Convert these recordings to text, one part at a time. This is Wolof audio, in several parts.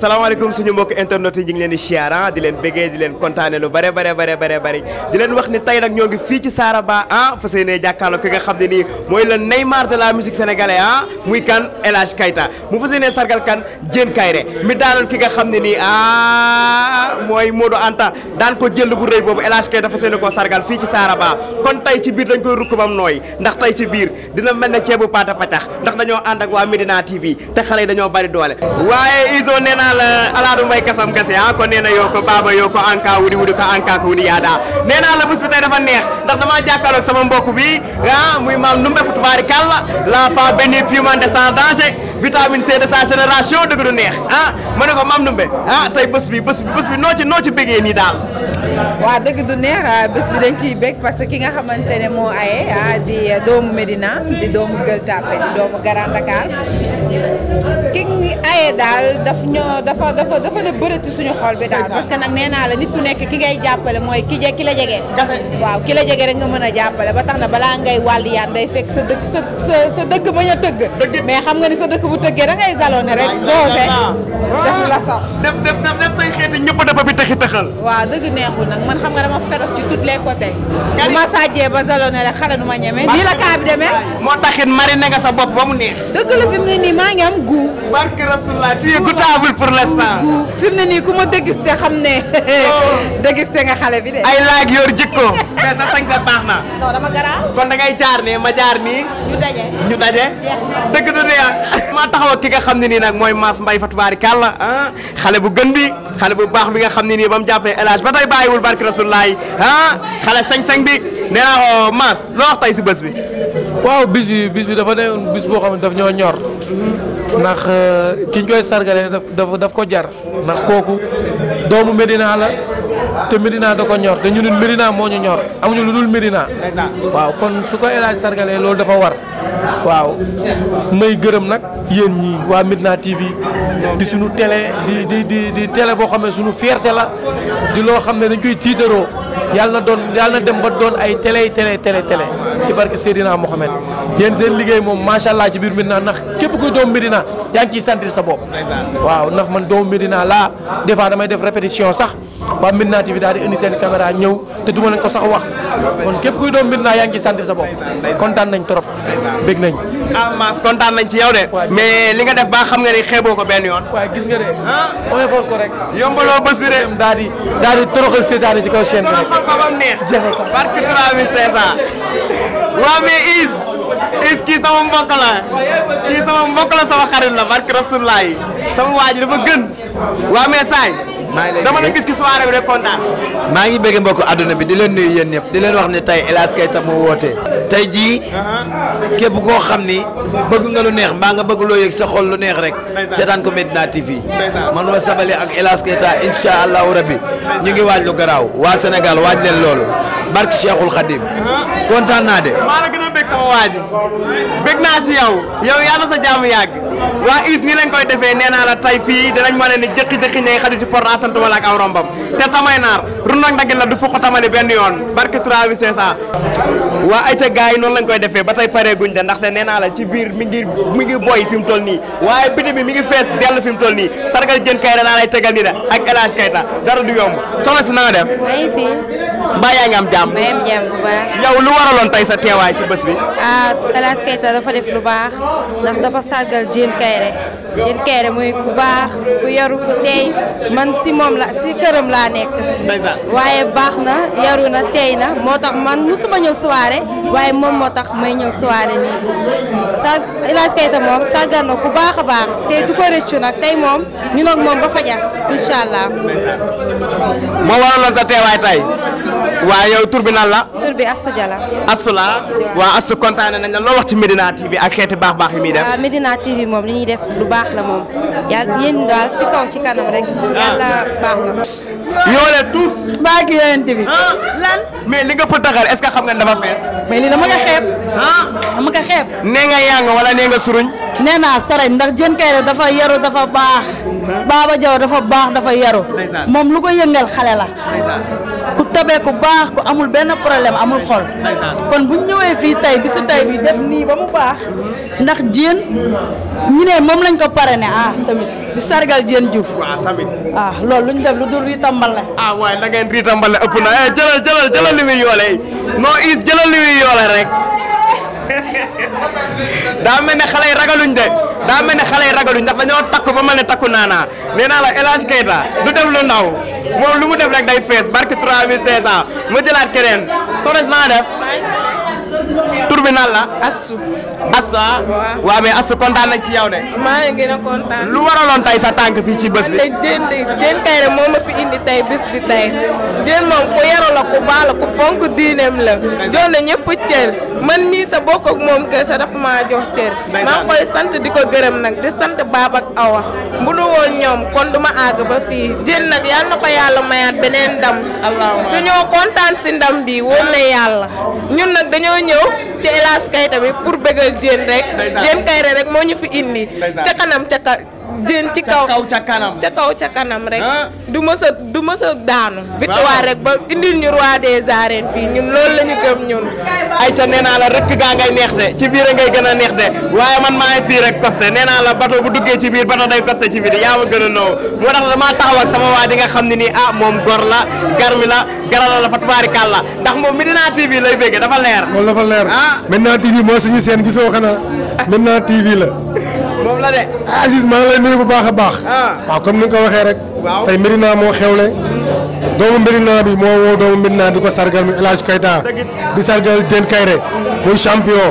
salaamaaleykum suñu mbokk internet yi ñu ngi leen di siyaara di leen bëggee di leen kontaane lu bare bare bare bare bare di leen wax ni tey nag ñoo ngi fii ci Saraba ah fa seenee jàkkaarloo ki nga xam ne nii mooy le Neymar de la musique sénégalaise ah muy kan El Hadj Keita mu fa seenee sargal kan Diène Kairé mi daanoon ki nga xam ne nii ah mooy Modou Anta daan ko jël bu rëy boobu El Hadj Keita fa seenee koo sargal fii ci Saraba kon tey ci biir dañ koy rukk bam nooy ndax tey ci biir dina mel ne ceebu paata patax ndax dañoo ànd ak waa Medina TV te xale yi dañoo bari doole ala alaadu mbay kasam kase a ah, kon nee na yoo ko baba yoo ko anka wudi wudi ko anka ko wudi yaada nee naa la bés bi tey dafa neex ndax dama jàkkaarloog sama mbokk bi ah muy maam numbe fu tubaari la fa benn piment de sans vitamine C de sa génération dëgg du neex ah ma ne ko Mame Ndoumbé ah tey bés bi bés bi noo ci noo ci bëggee nii daal. waaw dëgg du neex ah, bés bi dañ ciy bëgg parce que ki nga xamante ne moo aye ah di eh, doomu Médina di doomu Gueule Tapée di doomu Grand Dakar ki aye daal daf ñoo dafa dafa dafa na suñu xol bi daal. parce que nag nee naa la nit ku nekk ki ngay jàppale mooy ki je ki la jege. waaw ki la jege rek nga mën a jàppale ba tax na balaa ngay wàll yaan day fekk sa bu tëggee da ngay zaloné rek. doose def la sax. def def def say xeeti ñëpp dafa bi taxi taxal. waaw dëgg neexul nag man xam nga dama féroce ci tous les côtés. ma saajee ba zaloné rek xale du ma ñeme. nii la kaa bi demee. moo taxit mari ne nga sa bopp ba mu neex. dëgg la fi ne nii maa ngi am goût. barke Rasulullah tu es goûtable pour l'instant. goût ne nii ku ma dégusté xam ne. Oh. dégusté nga xale bi de. ay laag yor jikko. mais sa sañ naa. non dama garaaw. kon da jaar ne ma jaar nii. ñu daje ñu dëgg du dee maa taxaw ak ki nga xam ne nii nag mooy mas mbay Fatou Bari Kalla ah xale bu gën bi xale bu baax bi nga xam ne nii ba mu jàppee El ba tey bàyyiwul barki rasulaay ah xale sañ-sañ bi nee naa Mass loo si bés bi. waaw bis bi bis bi dafa newoon bis boo xam daf ñoo ñor ndax euh, kiñ koy sargale daf daf ko jar ndax kooku doomu Medina la. te Medina da ko ñor te ñu nit Medina moo ñu ñor amuñu lu dul Medina. waaw kon su ko El Hadj sargalee loolu dafa war. waaw may gërëm nag yéen ñi waa Medina TV di suñu télé di di di di télé boo xam ne suñu fierté la di loo xam ne dañ koy tiitaroo yàlla na doon yàlla na dem ba doon ay télé télé télé télé ci barke Seydina Mohamed yéen seen liggéey moom macha ci biir Medina ndax képp kuy doomu Medina yaa ngi ciy sentir sa bopp. waaw ndax man doomu Medina laa waa Médina TV daal di indi seen caméra ñëw te duma leen ko sax wax kon képp kuy doon Médina yaa ngi ci sentir sa bopp kontaan nañ trop bég nañ. ah kontaan nañ ci yow de. mais li nga def ba xam nga ni xeeboo ko benn yoon. waaw gis nga de. ah oyofal ko rek. yombaloo bés bi de. daal di daal di toroxal seetaane ci ko ba mu neex. waa mais Is. Is kii sama mbokk la. kii sama mbokk la sama xarit la barke Rasulullah sama waa ji dafa gën. waa mais Saay. dama la gis ci soirée bi maa ngi bëgg mbokk àdduna bi di leen nuyu yéen ñëpp di leen wax ne tey El Hadj Keita woote. tey jii uh-huh. képp koo xam ni bëgg nga lu neex mbaa nga bëgg loo yëg sa xol lu neex rek seetaan ko Medina TV man wa sabali ak El Hadj Keita incha allahu rabbi ñu ngi waaj lu garaaw waa senegal waaj leen loolu barki Cheikhul Khadim uh-huh. kontaan naa de. waa ji bëgg naa si yow yow sa jaamu yàgg waa is nii lañ defee nee naa la tey fii dinañ ma ne ni jëqi-jëqi ñay sant wala ak aw rombam te tamay naar rundak ndagil benn yoon barke travi c'est ça waa ay ca gars yi noonu lañ koy defee ba tey paree guñ de ndaxte nee naa la ci biir mi ngi mi ngi boy fi mu toll nii waaye biti bi mi ngi fees dellu fi mu toll nii sargal jën kay da naa lay tegal nii da ak El Hadj dara du yomb soxna si na nga def mbaa yaa ngi am jàmm yow lu waraloon tey sa teewaay ci bés bi ah El Hadj Keita dafa def lu baax ndax dafa sargal Diène Kaïré Diène Kairé muy ku baax ku yaru ku teey man si moom la si këram laa nekk. waaye baax na yaru na teey na moo tax man musuma ñëw soirée waaye moom moo tax may ñëw soirée nii sa El Hadj Keita moom sàggan na ku baax a baax te du ko rëccu nag tey moom ñu nag moom ba fajar incha allah. moo waraloon sa teewaay tey. waa yow tur bi nan la. tur bi la Jalla. la waaw Asou kontaan nañ la loo wax ci Medina TV ak xeeti baax baax yi muy def. moom li ñuy def lu baax. baax la moom yàlla yéen daal si kaw si kanam rek. yàlla baax na. yoolee tous. mbaa ki yonent ah. mais li nga pëtaxal est-ce que xam nga dafa fees. mais lii dama ko xeeb. Ah. dama ko xeeb. nee nga yang wala nee nga suruñ. nee naa sarañ ndax jën kay la dafa yaru dafa baax. Baba Jaw dafa baax dafa yaru. moom lu ko yëngal xale la. ku tabee ku baax ku amul benn problème amul xol kon bu ñëwee fii tey bi su tey bi def nii ba mu baax ndax Diène ñu ne lañ ko parrainé ah tamit di sargal Diène Diouf. waaw tamit ah, loolu lu ñu def lu dul riitambal la. ah waaye na ngeen riitambal la ëpp na eh jëlal jëlal jëlal li muy yoolee non is jëlal li muy rek daa mel ne xale yi ragaluñ de. daa mel ne xale yi ragaluñ ndax dañoo takku ba mel ne takku naanaa nee naa la El Hadj Keita du def lu ndaw moom lu mu def rek day fees barke 3500 mu jëlaat keneen soxna si naa def tur bi nan la. Asou. Assa waaw mais Assa kontaan nañ ci yow ne maa leen gën a kontaan. lu waraloon tey sa tànk fii ci bés bi. man de jën de jën kay moo ma fi indi tey bés bi tey jën moom ku yaru la ku baax la ku fonk diineem la. jox na ñëpp cër man nii sa bokk ak moom kër sa daf maa jox cër. maa koy sant di ko gërëm nag di sant Baba ak Awa. bu du woon ñoom kon du ma àgg ba fii jën nag yal na ko yàlla mayaat beneen ndam. allahumma dañoo kontaan si ndam bi woon na yàlla ñun nag dañoo ñëw. te hélas kay tamit pour bëggal jéen rek jéen kay rek moo ñu fi indi ca kanam ca jën ci kaw ca kanam ca kaw ca kanam rek. Ah. du ma sa du ma sa daanu. victoire rek ba indil ñu roi des arènes fii ñun loolu la ñu ñun. ay ca nee naa la rëkk gaa ngay neex de ci biir ngay gën a neex de waaye man maa ngi fii rek costé nee naa la bato bu duggee ci biir bato day costé ci biir yaa ma gën a noo moo tax damaa taxaw ak sama waa di nga xam ne nii ah moom gor la garmi la garala la fa tubaarikal la ndax moom Medina TV lay béggee dafa leer. loolu dafa leer ah Medina TV moo seen gisoo xanaa ah. Medina TV la. moom la de. lay nuyu bu baax a baax. Ah. waaw comme ni nga ko waxee rek. waaw tey Medina moo xewle. doomu Medina bi moo woo doomu Medina di ko sargal El Hadj Keita di sargal Diène Kairé muy champion.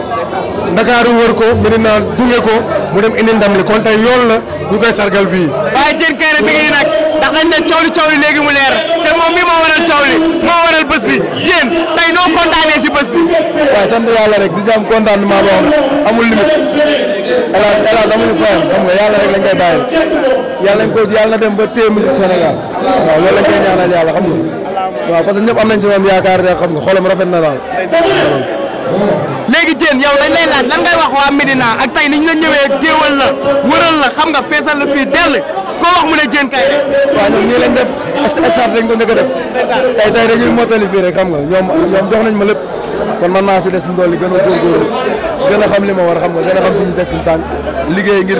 Ndakaaru wër ko Medina gunge ko mu dem indi ndam li kon tey yoon la ñu koy sargal fii. ndax dañ ne coow li coow léegi mu leer te moom mi moo waral coow li moo waral bés bi tey noo kontaanee si bés bi. waaw sant yàlla rek di am contentement boo xam amul limite hélas hélas amuñu fayam xam nga yàlla rek lañ koy bàyyi yàlla nañ ko yàlla na dem ba téye musique Sénégal waaw xam nga waaw parce que ñëpp am nañ si moom yaakaar ne xam nga xolam rafet na daal. léegi Diène yow dañ lay laaj lan ngay wax waa Médina ak tey niñ la ñëwee géewal la wëral la xam nga feesal la fii koo wax mu ne Diène Kaïré. waaw ñoom nii lañ def. stade rek doon ko def tey tey dañuy mottali fii rek xam nga ñoom ñoom jox nañ ma lépp kon man maa si des mu dool li gën a góorgóorlu gën a li gën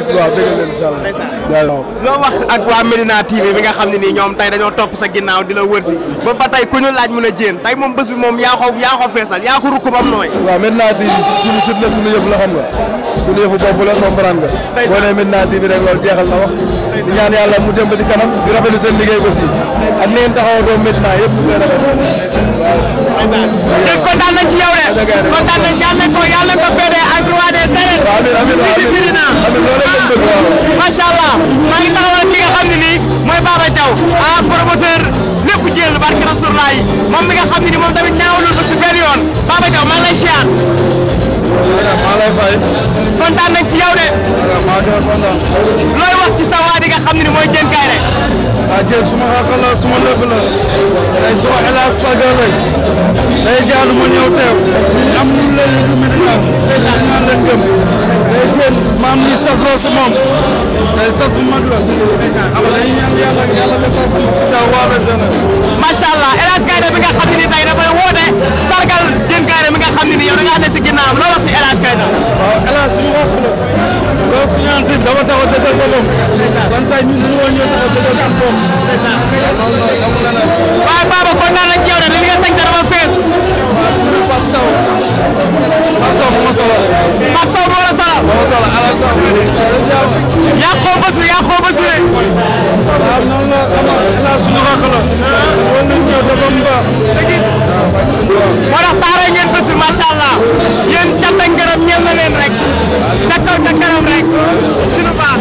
a xam fi nii ñoom tey dañoo topp sa ginnaaw di la wër si ba ba ku ñu laaj mën a jéen tey moom bés bi moom yaa ko feesal yaa ko rukk bam nooy waaw Medina TV suñu sut la suñu yëf la xam nga suñu yëfu bopp la comprendre nga boo nee Medina TV rek loolu jeexal na wax di ñaan yàlla mu jëm ba di kanam di rafetlu seen liggéey aussi ak leen taxaw doomu Medina yëpp ñu ko yàlla ko féetee ak di macha allah maa ngi taxawal ki nga mooy Baba Diaw ah promoteur lépp jël barke Rasulullah moom mi nga xam ne nii moom tamit ñaawalul ba si yoon Baba Diaw maa maa looy wax ci sa di nga xam mooy Diène Kairé. ah Diène suma xaq la suma lépp la. tey suma hélas sagal rek. day jaadu ma ñëw teew. am lu leen lu mu mën a maam li sas la mais sas bu mag la xam nga dañuy ñaan yàlla yàlla def ko ca waa région macha allah El Hadj Kaïré mi nga xam ne ni tey dafay woote sargal Diène Kaïré mi nga xam ne ni yow da ngaa ne si ginnaawam loo wax si El Hadj Kaïré. waaw El Hadj suñu wax la donc suñu ànd dafa tax a desal boppam. kon tey ñun suñu woon ñëw dafa desal boppam. waaye Baba kon naa la Momo Sola. Pape Sow Momo Sola. Momo Sola ala Sow. yaa xoo bés bi yaa xoo bés bi rek. waaw noonu la amal ala suñu rakk la. wala ñu ñëw dafa mu baax. moo tax taaree ngeen bés bi macha allah yéen cant ak ngërëm ñeel na leen rek ca kaw ca kanam rek ci lu baax.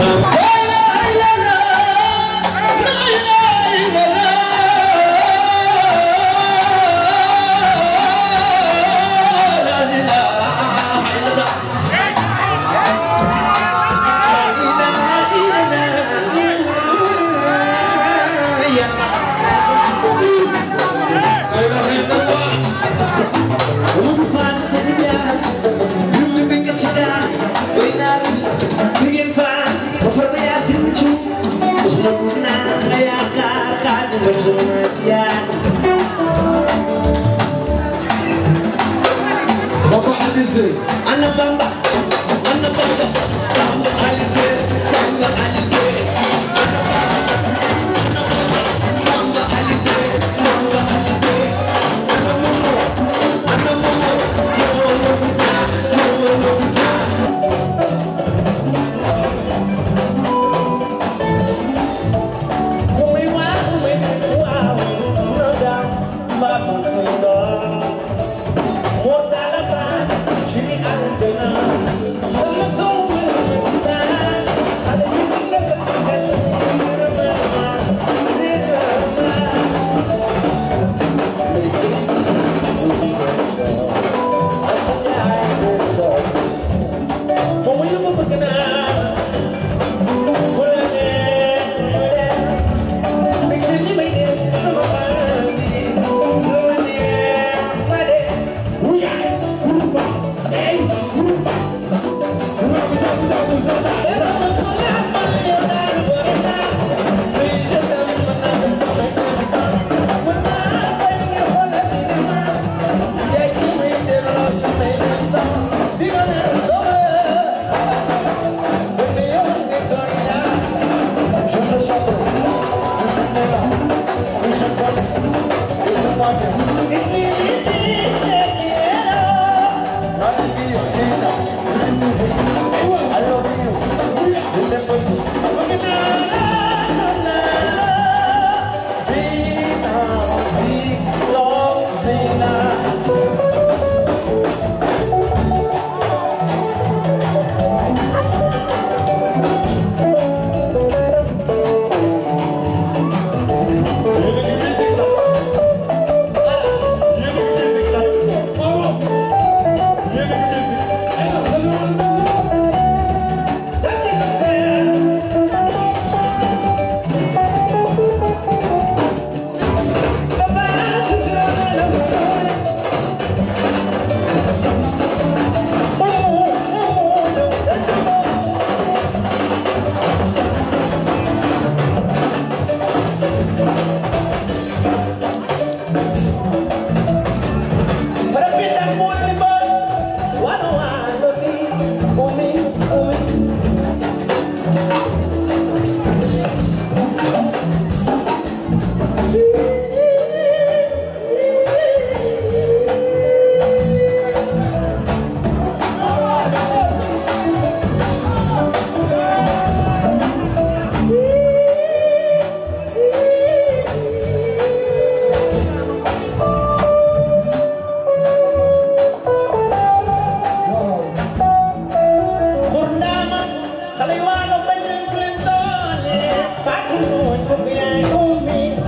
Talibano Benjamin Clinton, eh, Fatu Moon, Bukuya Yumi.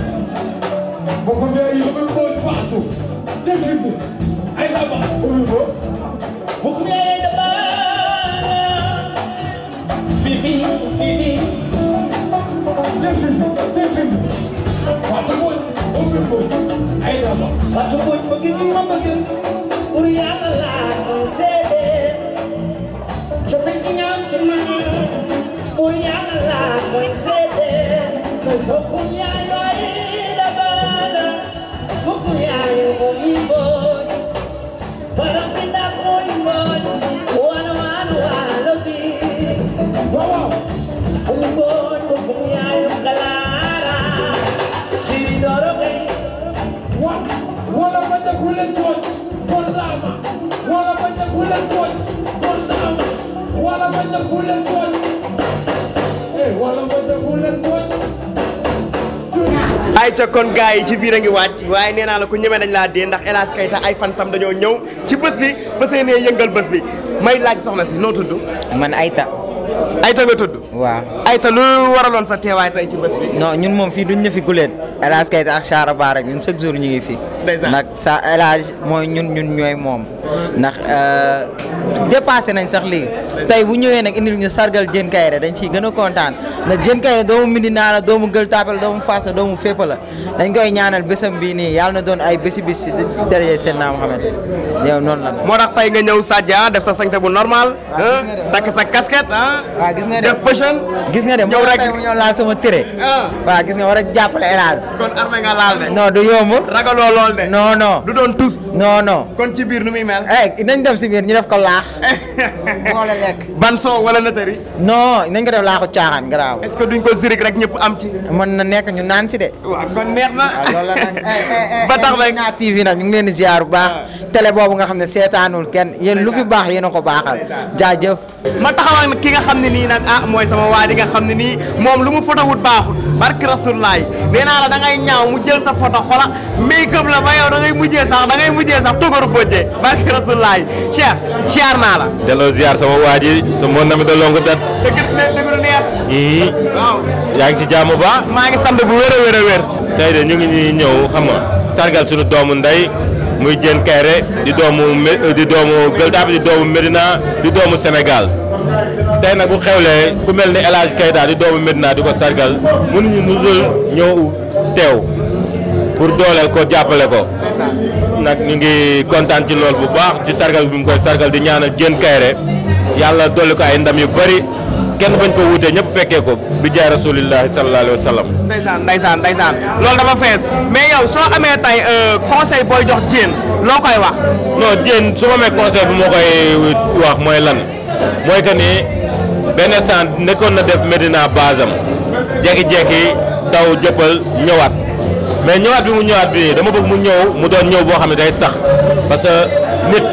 Bukuya Yumi Moon Fatu, Jeffrey, Aitaba, Ulubo. Bukuya Aitaba, Fifi, Fifi. Jeffrey, Jeffrey, Fatu Moon, Ulubo, Aitaba. Fatu Moon, Bukuya Mama, Uriana La, Sede. Jeffrey, Nyam, Chimani. Wala bañ na ku leen tooñ ay ca kon yi ci biir a ngi wàcc waaye nee naa la ku ñeme dañ laa dee ndax El Hadj Keita ay fan sam dañoo ñëw ci bës bi fas yéenee yëngal bés bi may laaj soxna si noo tudd. man Aïta. Aïta nga tudd. waaw Aïta lu waraloon sa teewaay tey ci bés bi. non ñun moom fii duñ ñu fi guleen El Hadj Keita ak Chara Ba ñun chaque jour ñu ngi fi. nag sa El mooy ñun ñun ñooy moom. ndax euh, dépassé nañ sax léegi tey bu ñëwee nag indil ñu sargal Diène Kaïré dañ ciy gën a kontaan ndax Diène Kaïré doomu Médina la doomu Gueule Tapée la doomu Fass la doomu fépp la dañ koy ñaanal bésam bii nii yàlla na doon ay bési bis si daraje seen naam Mohamed yow noonu la. moo tax tey nga ñëw Sadia def sa sañse bu normal. Ah, ah, takk sa casquette ah, ah. gis nga de def gis nga de moo tax mu ñëw laal sama téré. waaw gis nga war a jàppale El Hadj. du yomb. ragaloo lool de. non non no non kon ci biir nu muy mel. eh nañ dem si biir ñu def ko laax. ban soo wala natari. non nañ ko def laaxu caaxaan garaaw. est duñ ko zirik rek ñëpp am ci. mën na nekk ñu naan si de. waaw kon neex na. loolu nag eh, eh, eh, ba tax rek Médina TV nag ñu ngi leen di ziar bu baax. Ah. télé boobu nga xam ne seetaanul kenn yéen lu fi baax yéen a ko baaxal. jaajëf. ma taxawal nag ki nga xam ne nii nag ah mooy sama waa ji nga xam ne nii moom lu mu photo wut baaxul barki rasulaay nee naa la da ñaaw mu jël sa photo xola make up la ba yow da mujjee sax da mujjee sax togaru bojjee barki rasulaay Cheikh ziar naa la. delloo ziar sama waa ji sa mon na mi de longue date. dëgg dëgg lu neex. waaw. yaa ngi ci jàmm ba. maa ngi sant bu wér a wér ñu ngi ñuy ñëw xam nga sargal doomu ndey. muy Diène Kairé di doomu euh, di doomu Gueule Tapée di doomu Médina di doomu Sénégal tey nag bu xewlee ku mel ni El Hadj di doomu Médina di ko sargal mënuñu ñu dul ñëw teew pour dooleel ko jàppale ko nag ñu ngi kontaan ci lool bu baax ci sargal bi mu koy sargal di ñaanal Diène Kairé yàlla dolli ko ay ndam yu bari kenn bañ ko wuute ñëpp fekkee ko bi jaay rasulillahi sallallahu alayhi wa sallam. ndeysaan ndeysaan ndeysaan loolu dafa fees mais yow soo amee tey euh, conseil booy jox Diène loo koy wax. non Diène su ma amee conseil bu ma koy wax mooy lan mooy que ni benn sant nekkoon na def Medina basam jekki-jekki daw jëppal ñëwaat mais ñëwaat bi mu ñëwaat bi dama bëgg mu ñëw mu doon ñëw boo xam ne day sax parce que nit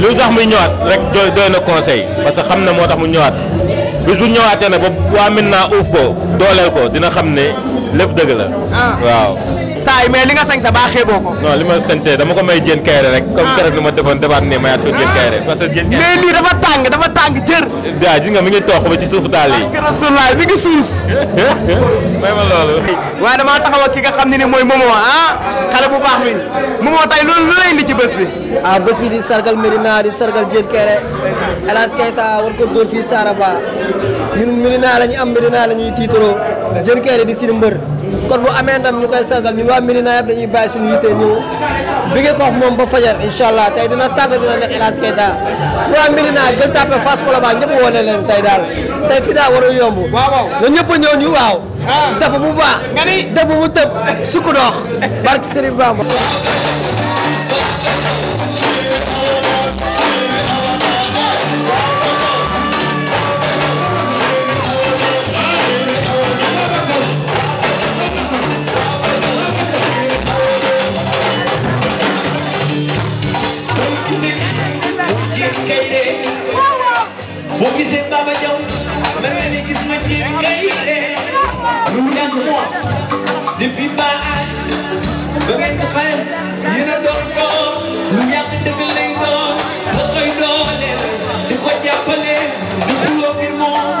lu tax muy ñëwaat rek doy doy na conseil parce que xam na moo tax mu ñëwaat. bis bu ñëwaatee nag ba waa Médina uuf ko dooleel ko dina xam ne lépp dëgg la. Ah. waaw. saa yi mais li nga sañ sa baaxee boo ko. non li ma sañsee dama ko may jën kayre rek. comme ah. keroog li ma defoon defaat ne mayaat ko jën kayre. Ah. parce lii dafa tàng dafa tàng jër. waaw gis nga mi ngi toog ba ci suuf daal yi. ngi suus. may ma loolu. waaye damaa taxaw ak ki xam ne ni mooy Momo ah xale bu baax mi Momo tey loolu lu lay indi ci bés bi. aa bés bi di sargal Medina di sargal jën kayre El Hadj war ko dóor fii Saraba. ñun Médina la ñu am Médina la ñuy tiitaroo Diène di suñu mbër kon bu amee ndam ñu koy sargal ñun waa Médina yëpp dañuy bàyyi suñu yitte ñëw bigee moom ba fajar incha allah tey dina tàgg dina nekk El Hadj Keita waa Médina Gueule Tapée Fass Colobane ñëpp wone leen tey daal tey fi daa war a yomb na ñëpp a ñëw ñu waaw ah. dafa mu baax dafa mu tëb sukk doox barke Serigne Bamba Depuis moi depuis ma âge ba ngay xel yéen doon doon lu yàgg dëgg lay doon ba koy dooleel di ko jàppale di xuloo ngir moom